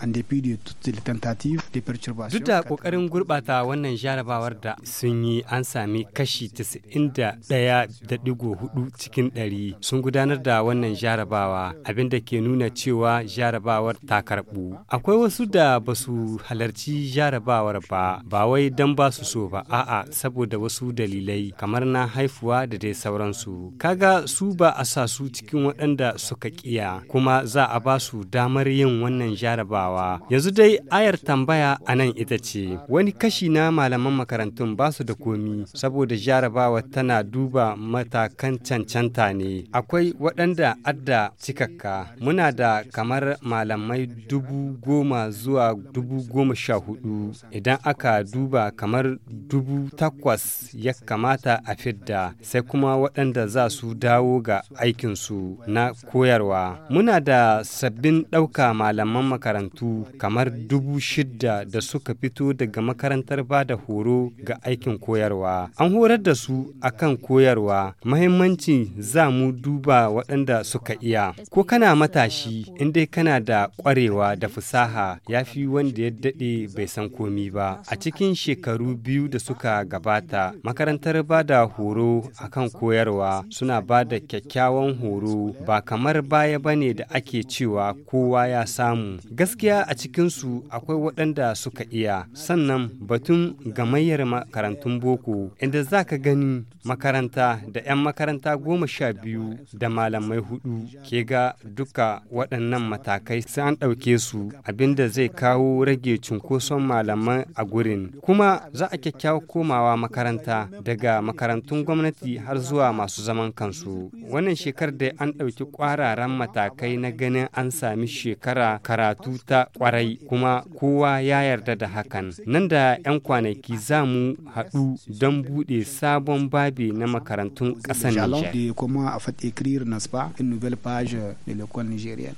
Duk da kokarin gurbata wannan jarabawar da sun yi an sami kashi 91.4 cikin 100 sun gudanar da wannan jarabawa abinda ke nuna cewa jarabawar ta karbu. Akwai wasu da ba su halarci jarabawar ba ba wai don ba su so ba a'a saboda wasu dalilai kamar na haifuwa da dai sauransu. Kaga su ba a sa su cikin waɗanda suka kiya kuma za a ba su damar yin wannan jarabawa Larabawa. Yanzu dai ayar tambaya a nan ita ce, wani kashi na malaman makarantun ba su da komi saboda jarabawa tana duba matakan cancanta ne. Akwai waɗanda adda cikakka, muna da kamar malamai dubu goma zuwa dubu goma sha hudu idan aka duba kamar dubu takwas ya kamata a fidda sai kuma waɗanda za su dawo ga aikinsu na koyarwa. Muna da sabbin ɗauka malaman makarantu makarantu kamar dubu shidda da suka fito daga makarantar ba da horo ga aikin koyarwa. An horar da su akan koyarwa, mahimmanci za mu duba waɗanda suka iya. Ko kana matashi, in dai kana da ƙwarewa da fusaha ya fi wanda ya daɗe bai san komi ba. A cikin shekaru biyu da suka gabata, makarantar ba da horo akan koyarwa suna ba da kyakkyawan horo ba kamar baya ba ne da ake cewa kowa ya samu. Gaskiya Gaskiya a cikinsu akwai waɗanda suka iya sannan batun gamayyar makarantun boko inda za ka gani makaranta da 'yan makaranta goma sha biyu da malamai hudu ke ga duka waɗannan matakai sai an ɗauke su abinda zai kawo rage cunkoson malamai a gurin kuma za a kyakkyawa komawa makaranta daga makarantun gwamnati har zuwa masu zaman kansu wannan shekar da an ɗauki ƙwararan matakai na ganin an sami shekara karatu ta kwarai kuma kowa ya yarda da hakan. Nan da 'yan kwanaki za mu haɗu don buɗe sabon babi na makarantun ƙasar Nijar.